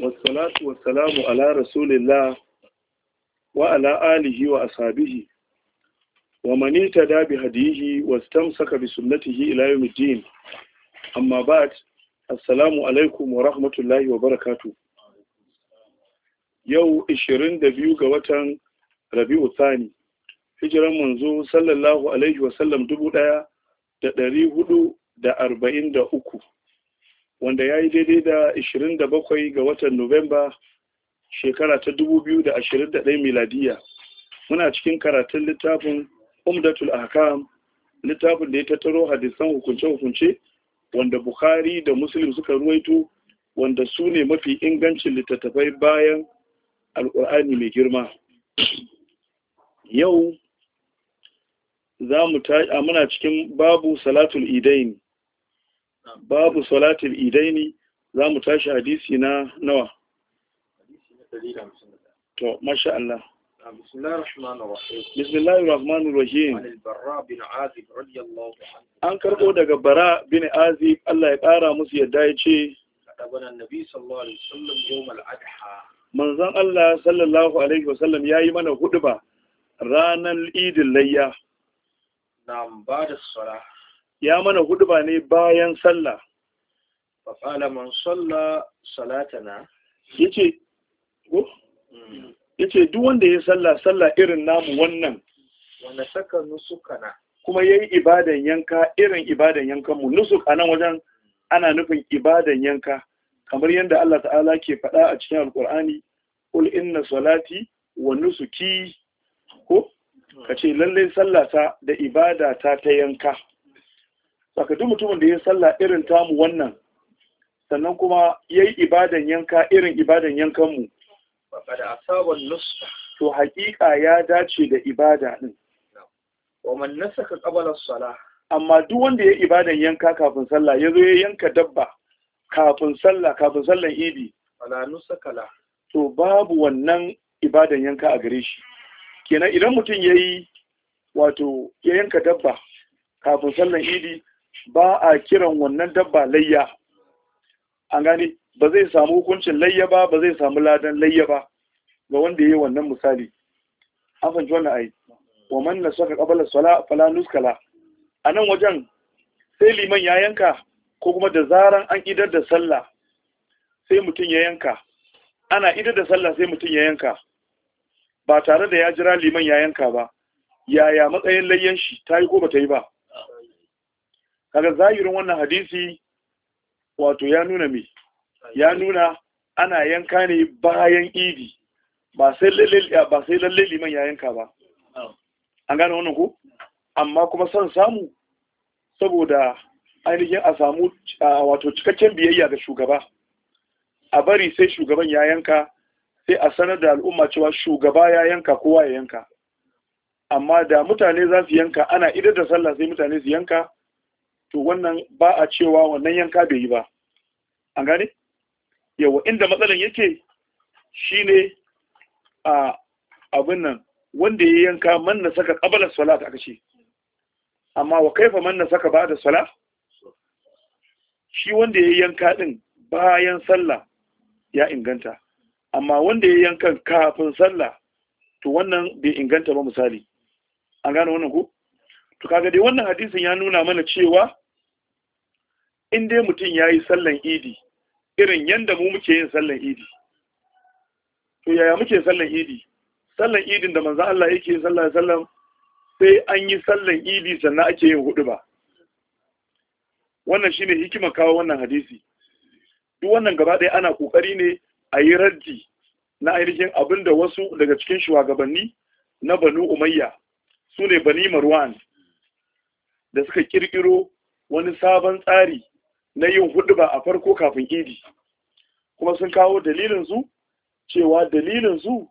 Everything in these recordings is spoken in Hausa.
wasalatu wasalamu ala rasulillah wa ala alihi wa ashabihi wa man ittaba bi hadihi wastamsaka bi sunnatihi ila yawmiddin amma ba'd assalamu alaikum wa rahmatullahi wa barakatuh yau 22 ga watan Rabi'u Thani hijiran manzo sallallahu alaihi wa sallam 1443 wanda ya yi daidai da 27 ga watan Nuwamba shekara ta 2021 miladiya. Muna cikin karatun littafin Umdatul Ahkam, littafin da ya tattaro hadisan hukunce-hukunce wanda Bukhari da Muslim suka ruwaito wanda su ne mafi ingancin littattafai bayan Al'ur'ani mai girma. Yau za mu ta muna cikin babu salatul idain babu salatul idaini za mu tashi hadisi na nawa to masha Allah بسم الله الرحمن الرحيم بسم الله الرحمن الرحيم عن البراء بن عازب رضي an karbo daga bara bin azib Allah ya kara musu yadda ya ce kadaban annabi sallallahu alaihi wasallam yawm al-adha manzon Allah sallallahu alaihi wasallam yayi mana hudba ranar idil layya na'am ba da salah ya mana huduba ne bayan sallah faƙala man sallah salatana yace ko hmm. yace duk wanda ya sallah sallah irin namu wannan wanda saka nusukana kuma yayi ibadan yanka irin ibadan yankan mu nusuk anan wajen ana nufin ibadan yanka kamar yadda Allah ta'ala ke faɗa a cikin alkur'ani qul inna salati wa nusuki ko hmm. kace lallai sallata da ibada ta ta yanka saka duk mutumin da ya sallah irin tamu wannan sannan kuma ya yi ibadan yanka irin ibadan yankanmu to haƙiƙa ya dace da ibada din ومن نسك قبل الصلاة amma duk wanda ya ibadan yanka kafin sallah ya zo ya yanka dabba kafin sallah kafin sallan idi wala nusakala to babu wannan ibadan yanka a gare shi kenan idan mutum yayi wato ya yanka dabba kafin sallan idi ba a kiran wannan dabba layya an gane ba zai samu hukuncin layya ba ba zai samu ladan layya ba ga wanda yi wannan misali an fanci wannan ai wa man saka qabla sala fala nuskala A nan wajen sai liman ya yanka ko kuma da zaran an idar da sallah sai mutum ya yanka ana idar da sallah sai mutum ya yanka ba tare da ya jira liman ya yanka ba yaya matsayin layyan shi ta yi ko ba ta yi ba kaga zahirin wannan hadisi wato ya nuna me ya nuna ana yanka ne bayan idi ba sai lalle ba sai lalle liman ya yanka ba an gane wannan ko amma kuma son samu saboda ainihin a samu wato cikakken biyayya ga shugaba a bari sai shugaban ya yanka sai a sanar da al'umma cewa shugaba ya yanka kowa ya yanka amma da mutane za su yanka ana idar da sallah sai mutane su yanka to wannan ba a cewa wannan yanka bai yi ba an gane yawa inda matsalan yake shine a abin nan wanda ya yanka man na saka ƙabalar sola ta ce amma wa kaifa man na saka ba da sola shi wanda ya yanka din bayan sallah ya inganta amma wanda ya yanka kafin sallah to wannan bai inganta ba misali an gane wannan ku? to kaga dai wannan hadisin ya nuna mana cewa in dai mutum ya yi sallan idi irin yadda mu muke yin sallan idi to yaya muke sallan idi sallan idin da manzan Allah yake yin sallan sallan sai an yi sallan idi sannan ake yin hudu ba wannan shine hikima kawo wannan hadisi duk wannan gaba ɗaya ana kokari ne a yi raddi na ainihin abin da wasu daga cikin shugabanni na banu umayya su ne bani marwan da suka kirkiro wani sabon tsari na yin huɗuba a farko kafin idi kuma sun kawo dalilin su cewa dalilin su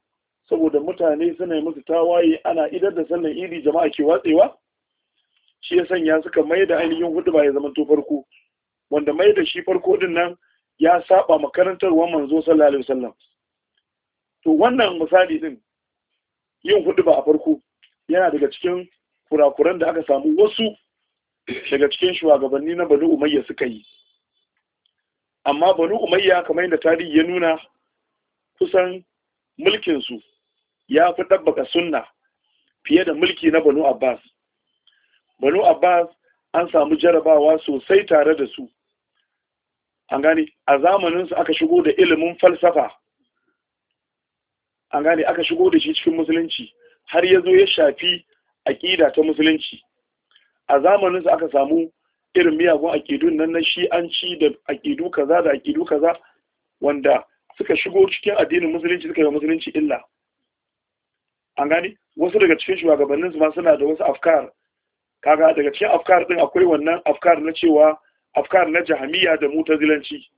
saboda mutane suna yi musu tawaye ana idar da sannan idi jama'a ke watsewa shi ya sanya suka mai da ainihin huɗuba ya zama to farko wanda mai da shi farko din nan ya saba makarantarwar manzo sallallahu alaihi wasallam to wannan misali din yin huɗuba a farko yana daga cikin kurakuran da aka samu wasu daga cikin shugabanni na banu umayya suka yi amma banu umayya kamar yadda tarihi ya nuna kusan mulkinsu ya fi ɗabbaka sunna fiye da mulki na banu abbas banu abbas an samu jarabawa sosai tare da su an gani a zamaninsu aka shigo da ilimin falsafa an gane aka shigo da shi cikin musulunci har ya zo ya shafi aƙida ta musulunci a zamanin su aka samu irin miyagun akidun nan na shi'anci da akidu kaza da akidu kaza wanda suka shigo cikin addinin musulunci suka yi musulunci illa an gani wasu daga cikin shugabannin su ma suna da wasu afkar kaga daga cikin afkar din akwai wannan afkar na cewa afkar na jahamiya da mutazilanci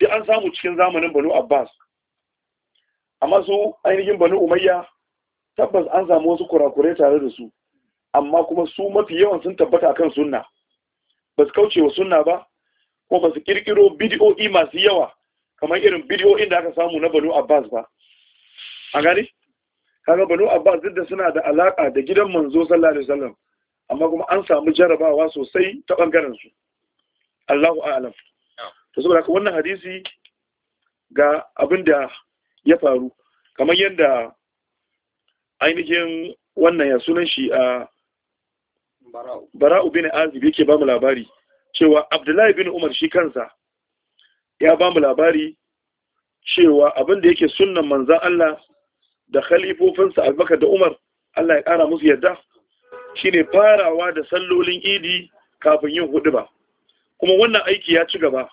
duk an samu cikin zamanin banu abbas amma su ainihin banu umayya tabbas an samu wasu kurakurai tare da su amma kuma su mafi yawan sun tabbata kan sunna ba su kauce wa sunna ba ko ba su kirkiro bidiyo'i masu yawa kamar irin bidiyo'in da aka samu na banu abbas ba a gani kaga banu abbas duk da suna da alaka da gidan manzo sallallahu alaihi wasallam amma kuma an samu jarabawa sosai ta bangaren su Allahu a'lam to saboda haka wannan hadisi ga abin da ya faru kamar yadda ainihin wannan ya sunan shi a ah, bara'u bin azib yake bamu labari cewa abdullahi bin umar shi kansa ya bamu labari cewa abin da yake sunnan manzan Allah da khalifofinsa abubakar da umar Allah ya kara musu yadda shine farawa da sallolin idi kafin yin hudu ba kuma wannan aiki ya ci gaba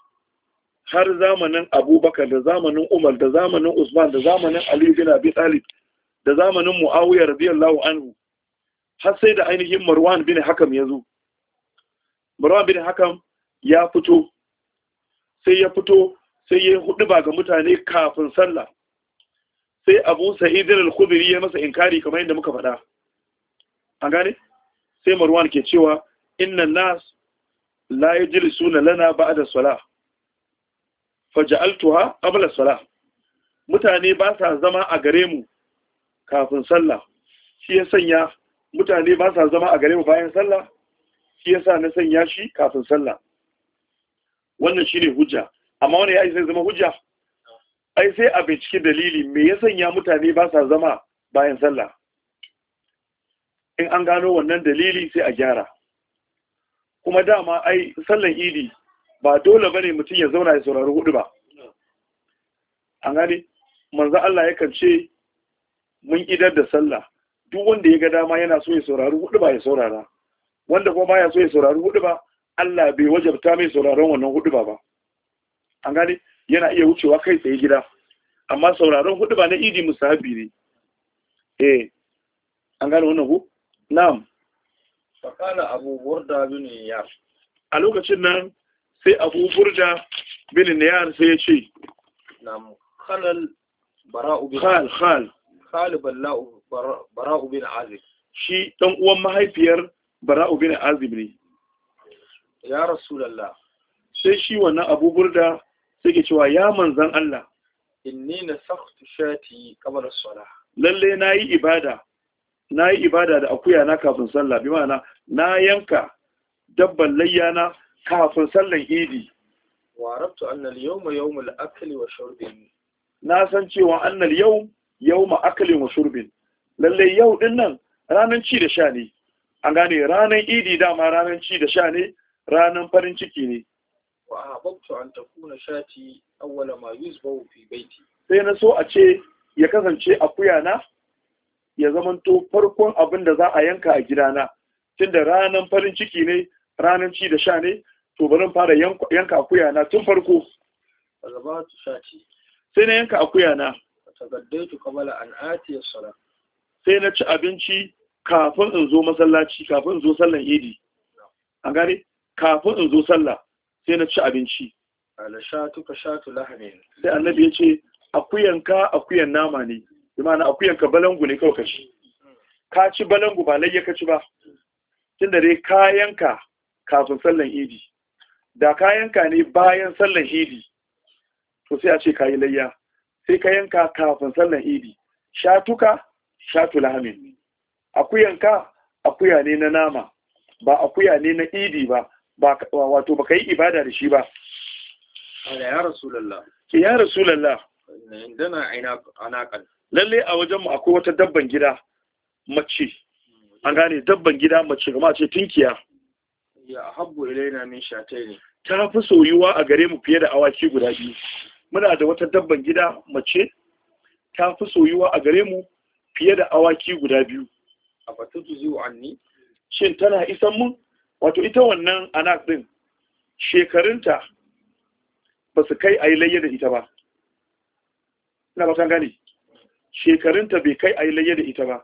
har zamanin abubakar da zamanin umar da zamanin usman da zamanin aliyu bin abi da zamanin muawiya radiyallahu anhu har sai da ainihin marwan bin hakam ya zo marwan bin hakam ya fito sai ya fito sai ya hudu ba ga mutane kafin sallah sai abu sa'idin al-khudri ya masa inkari kamar yadda muka faɗa an gane sai marwan ke cewa inna nas la yajlisuna lana ba'da salah faj'altuha qabla salah mutane ba sa zama a gare mu kafin sallah shi ya sanya mutane ba sa zama a gare mu bayan sallah shi yasa na sanya shi kafin sallah wannan shine hujja amma wani yayi sai zama hujja ai sai a bincike dalili me ya sanya mutane ba sa zama bayan sallah in an gano wannan dalili sai a gyara kuma dama ai sallan idi ba dole bane mutum ya zauna ya saurari hudu ba an gane manzo Allah yakan ce mun idar da sallah duk wanda ya ga dama yana so ya saurari hudu ba ya saurara wanda kuma baya so ya saurari hudu ba Allah bai wajabta mai sauraron wannan hudu ba an gani yana iya wucewa kai tsaye gida amma sauraron hudu ba na idi musahabi ne eh an gani wannan ku na'am fakala abu burda bin yar a lokacin nan sai abu burda bin yar sai ya ce na'am khalal bara'u bin khal khal khal ballau bara'u bin azib shi dan uwan mahaifiyar bara'u bin azib ne ya rasulullah sai shi wannan abu burda sai cewa ya manzan Allah inni nasakhtu shati qabla as-salah lalle nayi ibada nayi ibada da akuya na kafin sallah bi ma'ana na yanka dabban layyana kafin sallan idi wa rabtu anna al-yawma yawm al-akli wa shurbi na san cewa annal yawm yawm akli wa shurbin lallai yau din nan ranar ci da sha ne an gane ranar idi dama ranar ci da sha ne ranar farin ciki ne wa habbtu an takuna shati awwala ma yusbu fi baiti sai na so a ce ya kasance akuya na ya zamanto farkon abin da za a yanka a gidana tunda ranar farin ciki ne ranar ci da sha ne to bari fara yanka akuya na tun farko sai na yanka akuya na tagaddaitu qabla an atiya salat sai na ci abinci kafin in zo masallaci kafin in zo sallan idi an gane kafin in zo sallah sai na ci abinci shatu sai annabi ya ce akuyanka akuyan nama ne imana akuyanka balangu ne kawai kashi ka ci balangu ba layya ka ci ba tun da dai kayanka kafin sallan idi da kayanka ne bayan sallan idi to sai a ce kayi layya sai ka yanka kafin sallan idi shatuka shatu lahamin akuyanka akuya ne na nama ba akuya ne na idi ba wato ba ka yi ibada da shi ba ya rasulallah ya rasulallah indana anaqan lalle a wajenmu akwai wata dabban gida mace an gane dabban gida mace kuma ce tinkiya ya habbu ilaina min ne. ta fi soyuwa a gare mu fiye da awaki guda biyu muna da wata dabban gida mace ta fi soyuwa a gare mu fiye da awaki guda biyu a batutu zuwa anni shin tana isan mun wato ita wannan anak din shekarunta ba su kai a yi layya da ita ba ina bakan gane shekarunta bai kai a yi layya da ita ba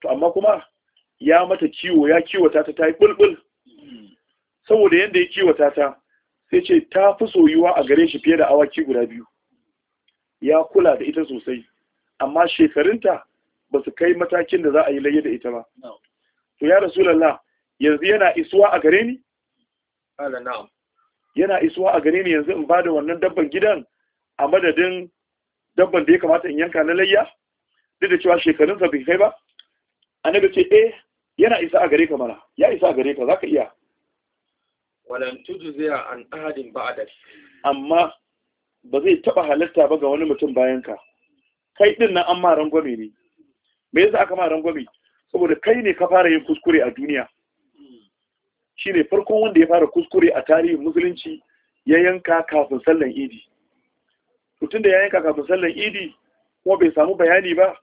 to amma kuma ya mata kiwo ya kiwata ta ta yi bulbul saboda yadda ya kiwata ta sai ce ta fi soyuwa a gare shi fiye da awaki guda biyu ya kula da ita sosai amma shekarunta ba su kai matakin da za a yi layya da ita ba to ya lalla, yanzu yana isuwa a gare ni ala na'am yana isuwa a gare ni yanzu in ba da wannan dabban gidan a madadin dabban da ya kamata in yanka na layya duk da cewa shekarunsa bai kai ba annabi ce eh yana isa a gare ka mana ya isa a gare ka za ka iya walan tujziya an ahadin ba'dak amma ba zai taɓa halatta ba ga wani mutum bayan ka kai ɗin nan an ma rangwame ne me yasa aka ma rangwame saboda kai ne ka fara yin kuskure a duniya shine farkon wanda ya fara kuskure a tarihin musulunci ya yanka kafin sallan idi mutum da ya yanka kafin sallan idi kuma bai samu bayani ba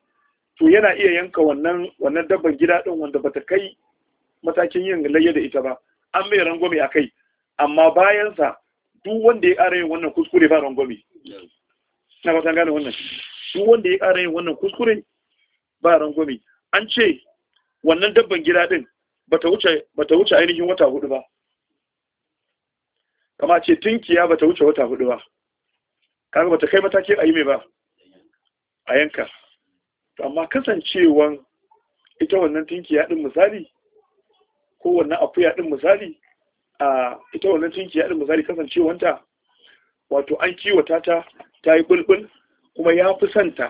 to yana iya yanka wannan wannan dabban gida din wanda bata kai matakin yin layya da ita ba an mai rangwame a kai amma bayansa duk wanda ya ƙara yin wannan kuskure ba rangwame na ba gane wannan duk wanda ya ƙara yin wannan kuskure ba rangwami. an ce wannan dabban gida din bata wuce bata wuce ainihin wata hudu ba kama ce tinkiya bata wuce wata hudu ba kaga bata kai matakin ayi mai ba a yanka to amma kasancewan ita wannan tinkiya din misali ko wannan akuya din misali a ita wannan tinkiya din misali kasancewanta wato an kiwata ta ta yi bulbul kuma ya fi santa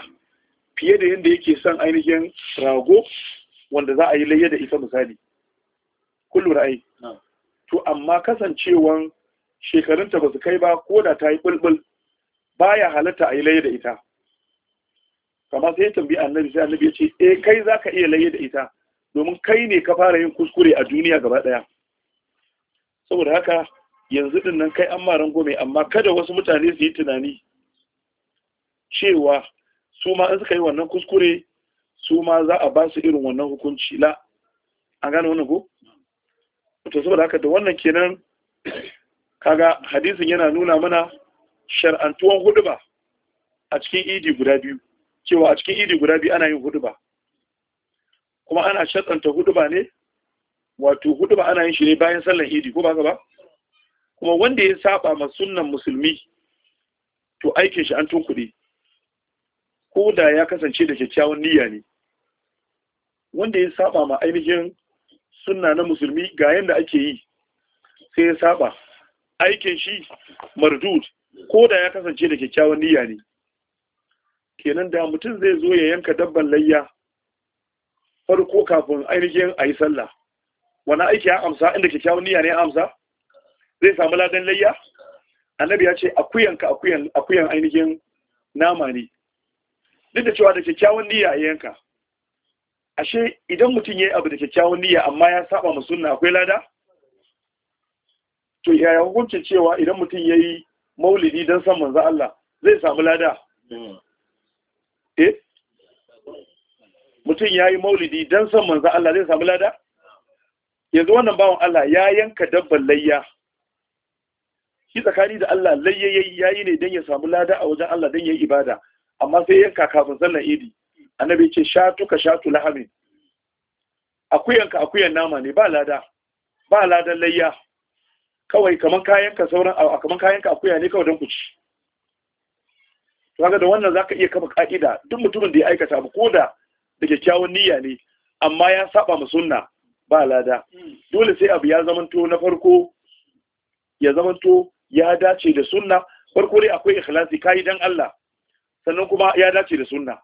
fiye da yadda yake son ainihin rago wanda za a yi layya da isa misali kullu ra'ayi to amma kasancewan shekarunta ba su kai ba ko da ta yi bulbul baya halatta a yi layya da ita Kamar sai tambayi annabi sai annabi ya ce eh kai za ka iya layya da ita domin kai ne ka fara yin kuskure a duniya gaba ɗaya saboda haka yanzu dinnan kai an maran gome amma kada wasu mutane su yi tunani cewa su ma in suka yi wannan kuskure su ma za a ba su irin wannan hukunci la an gane wannan ko to saboda haka da wannan kenan kaga hadisin yana nuna mana shar'antuwan huduba a cikin idi guda biyu cewa a cikin idi guda biyu ana yin huduba kuma ana shatsanta huduba ne wato huduba ana yin shi ne bayan sallan idi ko ba ka ba kuma wanda ya saba ma sunnan musulmi to aikin shi an kuɗi ko da ya kasance da kyakkyawan niyya ne wanda ya saba ma ainihin sunna na musulmi ga yanda ake yi sai ya saba aikin shi mardud ko da ya kasance da kyakkyawan niyya ne kenan da mutum zai zo ya yanka dabban layya farko kafin ainihin a yi sallah wani aiki ya amsa inda kyakkyawan niyya ne ya amsa zai samu ladan layya annabi ya ce akuyanka akuyan ainihin nama ne duk da cewa da kyakkyawan niyya a yanka ashe idan mutum ya yi abu da kyakkyawan niyya amma ya saba ma sunna akwai lada to yaya hukuncin cewa idan mutum ya yi maulidi don san manzo Allah zai samu lada eh mutum ya yi maulidi don san manzo Allah zai samu lada yanzu wannan bawan Allah ya yanka dabban layya shi tsakani da Allah layyayi yayi ne don ya samu lada a wajen Allah don ya yi ibada amma sai yanka kafin sallar idi annabi ce sha shatu lahamin akuyanka akuyan nama ne ba lada ba ladan layya kawai kaman kayanka sauran kaman kayanka akuya ne kawai don ku ci kaga da wannan zaka iya kafa ka'ida duk mutumin da ya aikata abu ko da kyakkyawan niyya ne amma ya saba mu sunna ba lada dole sai abu ya zamanto na farko ya zamanto ya dace da sunna farko dai akwai ikhlasi kai dan Allah sannan kuma ya dace da sunna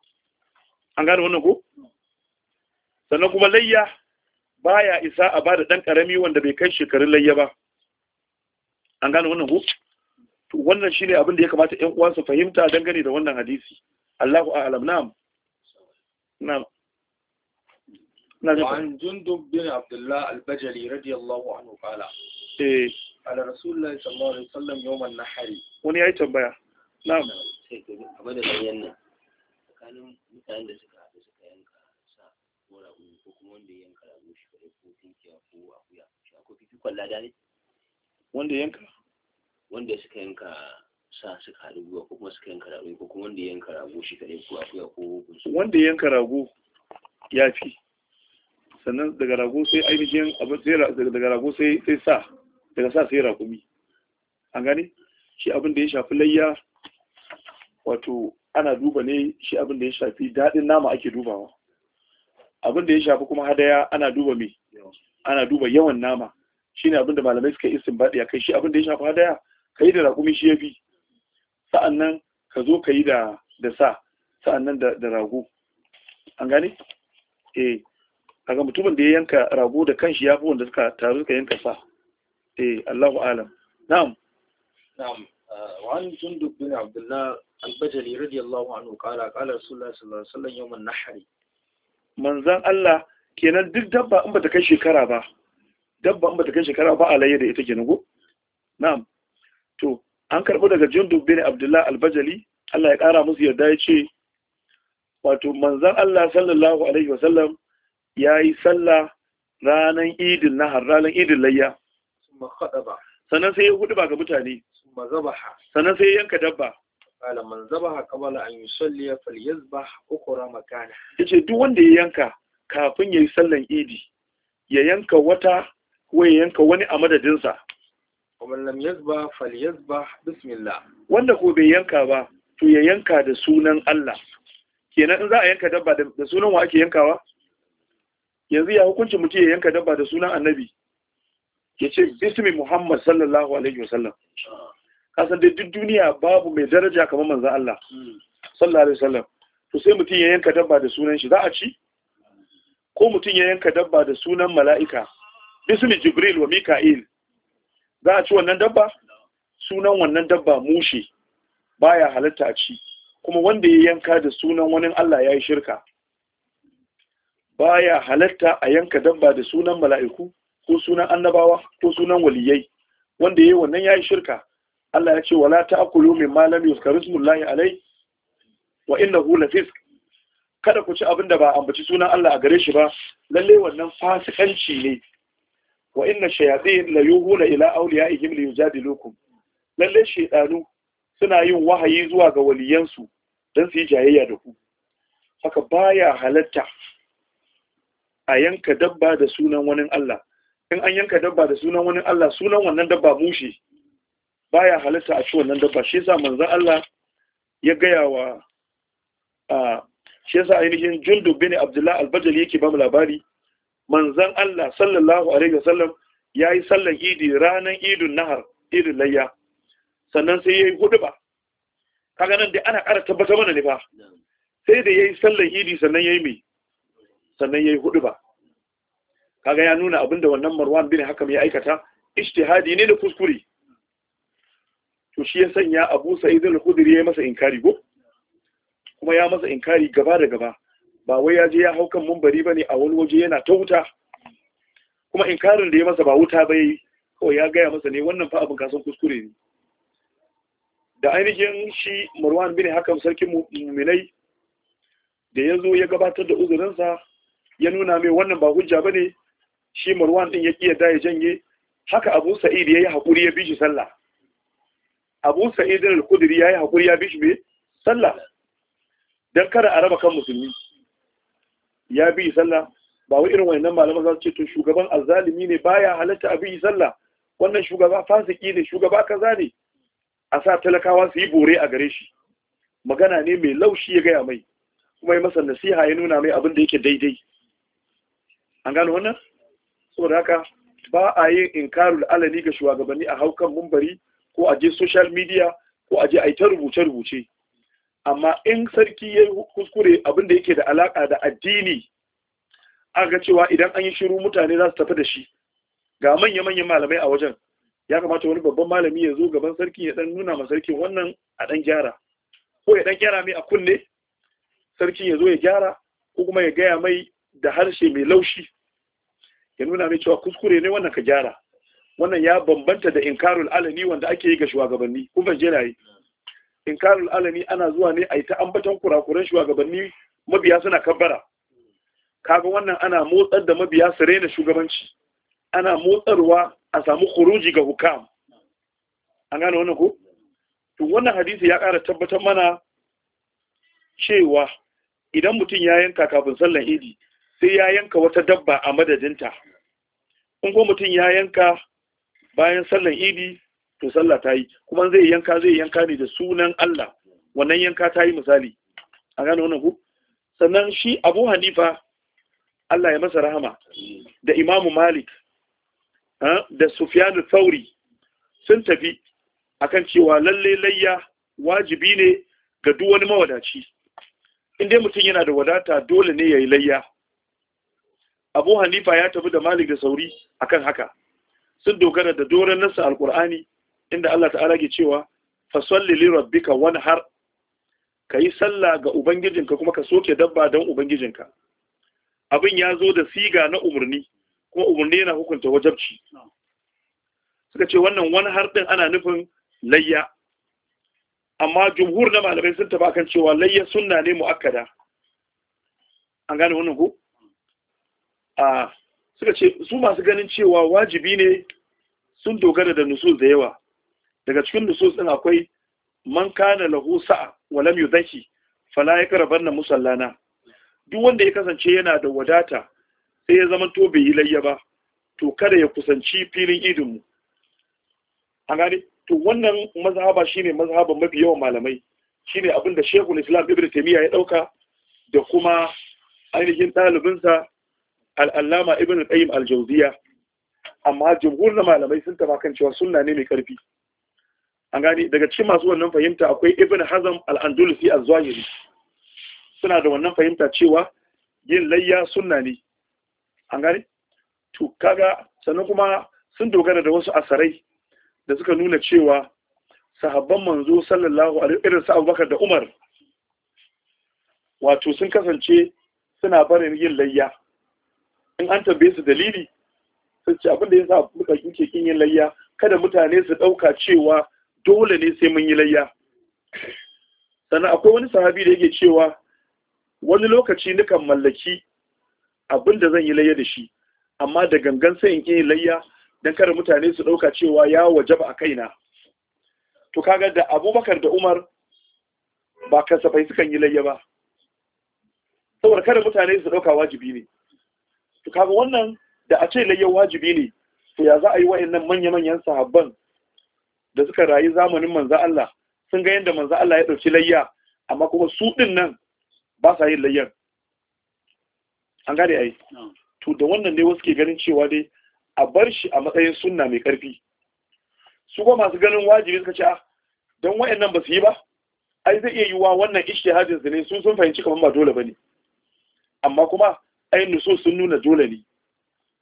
an gane wannan ko sannan kuma layya baya isa a bada dan karami wanda bai kai shekarun layya ba an gane wannan ko to wannan shine abin da ya kamata ƴan uwan su fahimta dangane da wannan hadisi Allahu a'lam na'am na'am وعن جندب بن عبد الله البجلي رضي الله عنه قال إيه على رسول الله صلى الله عليه وسلم يوم النحر وني تنبيه نعم sai to a bada ganyen nan tsakanin mutanen da suka haɗu suka yanka sa ko rago ko kuma wanda ya yanka rago shi kare ko tinkiya ko akuya shi akwai fifikon lada ne wanda yanka wanda suka yanka sa suka haɗu gwiwa ko kuma suka yanka rago ko kuma wanda ya yanka rago shi kare ko akuya ko wanda ya yanka rago ya fi sannan daga rago sai ainihin sai daga rago sai sa daga sa sai rakumi an gane shi abin da ya shafi layya wato ana duba ne shi abin da ya shafi daɗin nama ake dubawa abin da ya shafi kuma hadaya ana duba me ana duba yawan nama shine abin da malamai suka yi baɗi a kai shi abin da ya shafi hadaya ka yi da raƙumi shi ya fi nan ka zo ka yi da sa sa'an nan da rago an gane eh ga mutumin da ya yanka rago da kanshi ya fi wanda suka taru suka yanka sa eh Allahu alam na'am na'am وعن جندب بن عبد الله البجلي رضي الله عنه قال قال رسول الله صلى الله عليه وسلم يوم النحر manzan Allah kenan duk dabba in bata kai shekara ba dabba in bata kai shekara ba alayya da ita kenan go na'am to an karbo daga Jundub bin Abdullah al-Bajali Allah ya kara musu yarda ya ce wato manzan Allah sallallahu alaihi wasallam yayi sallah ranan idin nahar ranan idin layya sannan sai ya hudu ba ga mutane mazabaha sannan sai yanka dabba kala man zabaha qabla an yusalli falyazbah ukhra makana yace duk wanda ya yanka kafin yayi sallan idi ya yanka wata ko ya yanka wani a madadinsa ومن لم يذبح فليذبح بسم bismillah wanda ko bai yanka ba to ya yanka da sunan Allah kenan in za a yanka dabba da sunan wa ake yankawa yanzu ya hukunci mutum ya yanka dabba da sunan annabi ya ce bismi muhammad sallallahu alaihi wasallam kasan da duk duniya babu mai daraja kamar manzan Allah sallallahu alaihi wasallam to sai mutum ya yanka dabba da sunan shi za a ci ko mutum ya yanka dabba da sunan mala'ika bismi jibril wa mika'il za a ci wannan dabba sunan wannan dabba mushi baya halatta a ci kuma wanda ya yanka da sunan wani Allah ya yi shirka baya halatta a yanka dabba da sunan mala'iku ko sunan annabawa ko sunan waliyai wanda yayi wannan yayi shirka Allah ya ce wala ta'kulu mimma lam yuzkaru smullahi alai wa innahu lafisq kada ku ci abinda ba ambaci sunan Allah a gare shi ba lalle wannan fasikanci ne wa inna shayatin la yuhuna ila awliyaihim li yujadilukum lalle shaydanu suna yin wahayi zuwa ga waliyansu don su yi jayayya da ku haka baya halatta a yanka dabba da sunan wani Allah in an yanka dabba da sunan wani Allah sunan wannan dabba mushi baya halitta a ci wannan dabba shi yasa manzon Allah ya gaya wa a shi yasa ainihin Jundub bin Abdullah al yake ba mu labari manzon Allah sallallahu alaihi wasallam yayi sallar Idi ranan Idun Nahar Idun Layya sannan sai yayi ba. kaga nan dai ana ƙara tabbata mana ne fa sai da yayi sallar Idi sannan yayi me sannan yayi ba. kaga ya nuna abinda wannan marwan bin hakam ya aikata ijtihadi ne da kuskure to shi ya sanya abu sa'id al-khudri ya masa inkari go kuma ya masa inkari gaba da gaba ba wai ya je ya haukan kan mumbari bane a wani waje yana ta wuta kuma inkarin da ya masa ba wuta bai yayi kawai ya gaya masa ne wannan fa abin kasan kuskure ne da ainihin shi marwan bin hakam sarkin muminai da yazo ya gabatar da uzurinsa ya nuna mai wannan ba hujja bane shi marwan din ya kiyarda ya janye haka abu sa'id ya yi ya bi shi sallah abu sa'id al-kudri ya yi ya bi shi mai sallah don kada a raba kan musulmi ya bi sallah ba wai irin wannan malama za su ce to shugaban azzalimi ne baya halatta a bi sallah wannan shugaba fasiki ne shugaba kaza ne a sa talakawa su yi bore a gare shi magana ne mai laushi ya gaya mai kuma ya masa nasiha ya nuna mai abin da yake daidai an gano wannan saboda haka ba a yin inkarul alani ga shugabanni a haukan mumbari ko a je social media ko a je a yi ta rubuce-rubuce amma in sarki ya yi kuskure abinda da yake da alaka da addini ga cewa idan an yi shiru mutane za su tafi da shi ga manya-manyan malamai a wajen ya kamata wani babban malami ya zo gaban sarki ya dan nuna ma sarki wannan a dan gyara ko ya dan gyara mai a kunne sarki ya zo ya gyara ko kuma ya gaya mai da harshe mai laushi ya nuna mai cewa kuskure ne wannan ka gyara wannan ya bambanta da inkarul alani wanda ake yi ga shugabanni ko fahimce na yi inkarul alani ana zuwa ne a yi ta ambaton kurakuran shugabanni mabiya suna kabbara kaga wannan ana motsar da mabiya su raina shugabanci ana motsarwa a samu kuruji ga hukam an gane wannan ko to wannan hadisi ya ƙara tabbatar mana cewa idan mutum ya yanka kafin sallar idi sai ya yanka wata dabba a madadinta in ko mutum ya yanka bayan sallan idi to sallah ta yi kuma zai yanka zai yanka ne da sunan Allah wannan yanka ta yi misali a gane wannan ku sannan shi abu hanifa Allah ya masa rahama da imamu malik da sufiyanu thauri sun tafi akan cewa lalle layya wajibi ne ga duk wani mawadaci in mutum yana da wadata dole ne ya yi layya abu hanifa ya tafi da malik da sauri akan haka sun dogara da doron nasa alkur'ani inda Allah ta'ala ke cewa fasalli li rabbika wanhar kayi sallah ga ubangijinka kuma ka soke dabba don ubangijinka abin ya zo da siga na umarni kuma umarni yana hukunta wajabci suka ce wannan har din ana nufin layya amma jumhur na malamai sun taba kan cewa layya sunna ne muakkada an gane wannan ko a suka ce su masu ganin cewa wajibi ne sun dogara da nusus da yawa daga cikin nusus din akwai man kana lahu sa'a wa lam yudhi fala yakrabun musallana duk wanda ya kasance yana da wadata sai ya zama to bai yi layya ba to kada ya kusanci filin idinmu an gane to wannan mazhaba shine mazhaban mafi yawan malamai shine abinda da Sheikhul Islam Ibn Taymiyyah ya dauka da kuma ainihin ɗalibinsa al'allama ibn al-qayyim al-jawziya amma jumhur na malamai sun taba kan cewa sunna ne mai karfi an gani daga cikin masu wannan fahimta akwai ibn Hazam al-andalusi az-zahiri suna da wannan fahimta cewa yin layya sunna ne an gani to kaga sannan kuma sun dogara da wasu asarai da suka nuna cewa sahabban manzo sallallahu alaihi irin sa Abubakar da Umar wato sun kasance suna barin yin layya in an tambaye su dalili sun ce abin ya sa muka kuke yin layya kada mutane su ɗauka cewa dole ne sai mun yi layya sannan akwai wani sahabi da yake cewa wani lokaci nukan mallaki abinda zan yi layya da shi amma da gangan sai in yin layya dan kada mutane su ɗauka cewa ya wajaba a na. to kaga da abubakar da umar ba kasafai sukan yi layya ba saboda kada mutane su ɗauka wajibi ne to kaga wannan da a ce layyar wajibi ne to ya za a yi wa'annan manya-manyan sahabban da suka rayu zamanin Manza Allah sun ga yadda Manza Allah ya ɗauki layya amma kuma su ɗin nan ba sa yin layyan an gane ai to da wannan ne wasu ke ganin cewa dai a bar shi a matsayin sunna mai ƙarfi. su kuma masu ganin wajibi suka ce ah dan wayannan ba su yi ba ai zai iya yiwuwa wannan ishtihadin su ne sun sun fahimci kamar ba dole ba ne. amma kuma ainihin nusu sun nuna dole ne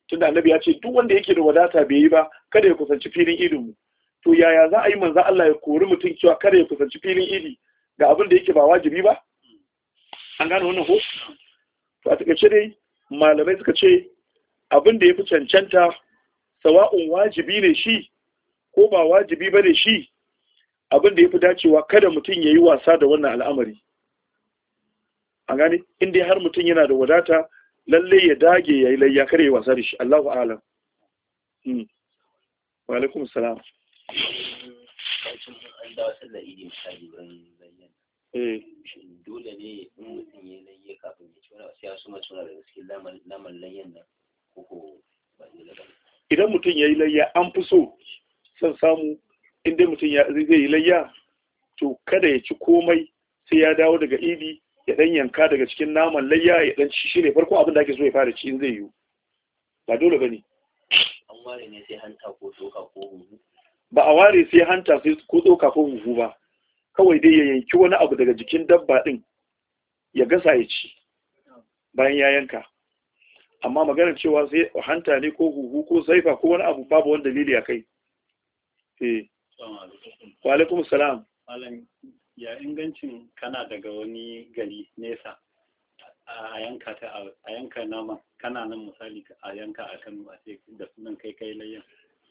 tunda annabi ya ce duk wanda yake da wadata bai yi ba kada ya kusanci filin idin mu to yaya za a yi manzo Allah ya kori mutum cewa kada ya kusanci filin idi ga abin da yake ba wajibi ba an gane wannan ko to a takaice dai malamai suka ce abin da ya fi cancanta sawa'un wajibi ne shi ko ba wajibi ba ne shi abin da ya fi dacewa kada mutum ya yi wasa da wannan al'amari a gane inda har mutum yana da wadata lalle ya dage ya yi layya kare wasa da shi Allahu alam hmm. wa salam ya kafin ya idan mutum ya yi layya an fi so son samu inda mutum ya zai yi layya to kada ya ci komai sai ya dawo daga idi ya dan yanka daga cikin naman layya ya dan ci shine farko abin da ake so ya fara ci in zai yiwu ba dole bane ware ne sai ba a ware sai hanta ko tsoka ko huhu ba kawai dai ya yanki wani abu daga jikin dabba din ya gasa ya ci bayan ya yanka amma maganar cewa sai hanta ne ko huhu ko saifa ko wani abu babu wani dalili a kai eh. ya ingancin kana daga wani gari nesa a yanka ta a yanka nama kana nan misali a yanka a kano a da sunan kai kai layyan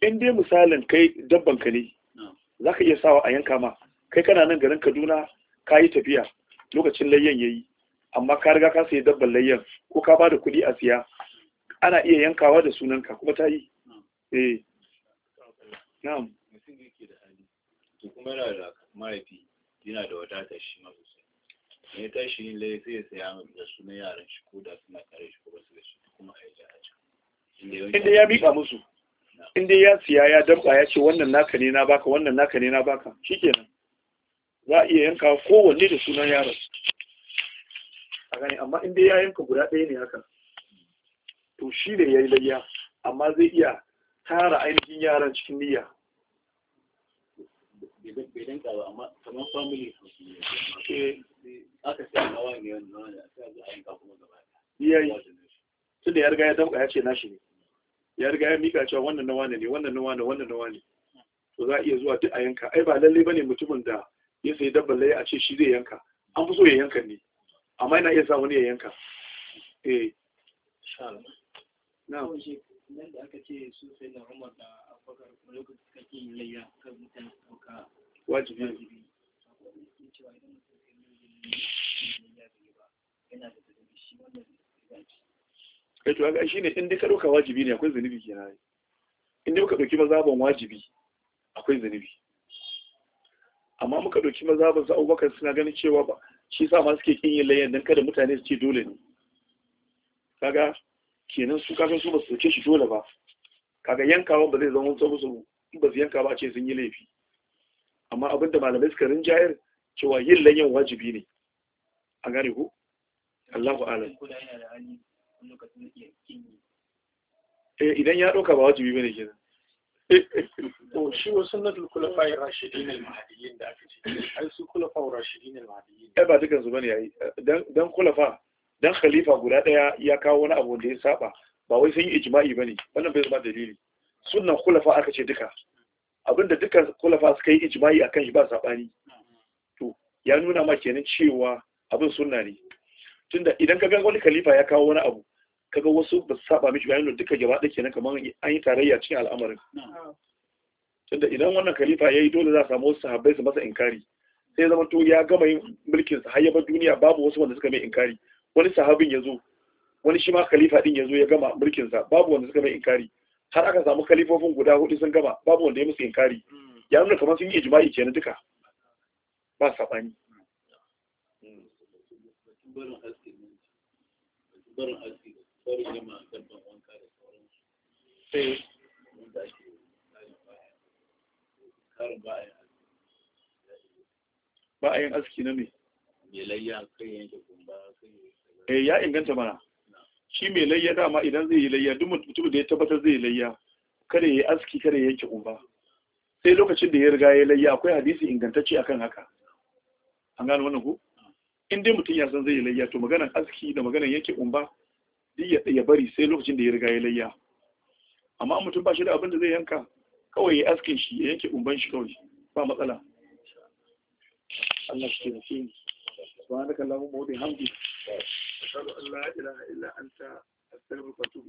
in dai misalin kai dabban ka ne za ka iya sawa a yanka ma kai kana nan garin kaduna ka yi tafiya lokacin layyan ya yi amma ka riga ka sayi dabban layyan ko ka ba da kuɗi a siya ana iya yankawa da sunanka kuma ta yi eh na'am mutum yake da hali to kuma yana da mahaifi yana da wadatar shi ma sosai ne ya tashi yin lai sai ya saya da su na yaran shi ko da suna kare shi ko ba su da shi kuma a yi jihar inda ya miƙa musu inda ya siya ya damƙa ya ce wannan naka ne na baka wannan naka ne na baka shi kenan. za a iya yanka kowanne da sunan yaron a gani amma inda ya yanka guda ɗaya ne haka to shi ne ya yi layya amma zai iya tara ainihin yaran cikin niyya bai danka ba amma kamar family aka sa na wani wani wani a sa a yanka kuma gaba ɗaya tun da ya riga ya dauka ya ce nashi ne ya riga ya mika cewa wannan nawa wani ne wannan nawa wani wannan na wani to za a iya zuwa duk a yanka ai ba lalle bane mutumin da ya sayi dabbar laye a ce shi zai yanka an fi so ya yanka ne amma yana iya sa wani ya yanka eh na'am nan da aka ce su sai da Umar da wajibi eh kai to ga shine in dai ka dauka wajibi ne akwai zanubi kenan in dai ka dauki mazaban wajibi akwai zanubi amma muka dauki mazaban su Abubakar suna ganin cewa ba shi sa ma suke kin yin layyan dan kada mutane su ce dole ne kaga kenan su kasan su ba su ce shi dole ba kaga yankawa ba zai zama wasu musu ba su yanka ba ce sun yi laifi amma abin da malamai suka rinjayar cewa yin lanyan wajibi ne a gane ku Allahu alam eh idan ya dauka ba wajibi bane kenan to shi wa sunnatul khulafa'i rashidin al-mahdiyyin da aka ce ai su khulafa'u rashidin al-mahdiyyin eh ba dukan su bane yayi dan dan khulafa dan khalifa guda daya ya kawo wani abu da ya saba ba wai sun yi ijma'i bane wannan bai zama dalili sunnan khulafa aka ce duka abinda dukkan khulafa suka yi ijma'i akan shi ba sabani to ya nuna ma kenan cewa abin sunna ne tunda idan kaga wani khalifa ya kawo wani abu kaga wasu ba su saba mishi bayan duka gaba da kenan kamar an yi tarayya cikin al'amarin tunda idan wannan khalifa yi dole za a samu wasu sahabbai su masa inkari sai zama to ya gama yin mulkin sa har ya bar duniya babu wasu wanda suka mai inkari wani sahabin ya zo wani shi ma khalifa din yazo ya gama mulkin sa babu wanda suka mai inkari har aka samu khalifofin guda hudu sun gama babu wanda ya musu inkari ya nuna kamar sun yi ijma'i kenan duka ba sabani ba a yin aski na ne. Eh, ya inganta mana shi mai layya dama idan zai yi layya duk mutum da ya tabbatar zai yi layya kada ya yi aski kada ya yanke umba sai lokacin da ya riga ya layya akwai hadisi ingantacce akan haka an gano wannan ku in dai mutum ya san zai yi layya to maganar aski da maganar yanke umba duk ya bari sai lokacin da ya riga ya layya amma mutum ba shi da abin da zai yanka kawai ya askin shi ya yanke umban shi kawai ba matsala Allah shi ne subhanaka allahumma wa bihamdika ashhadu an la ilaha illa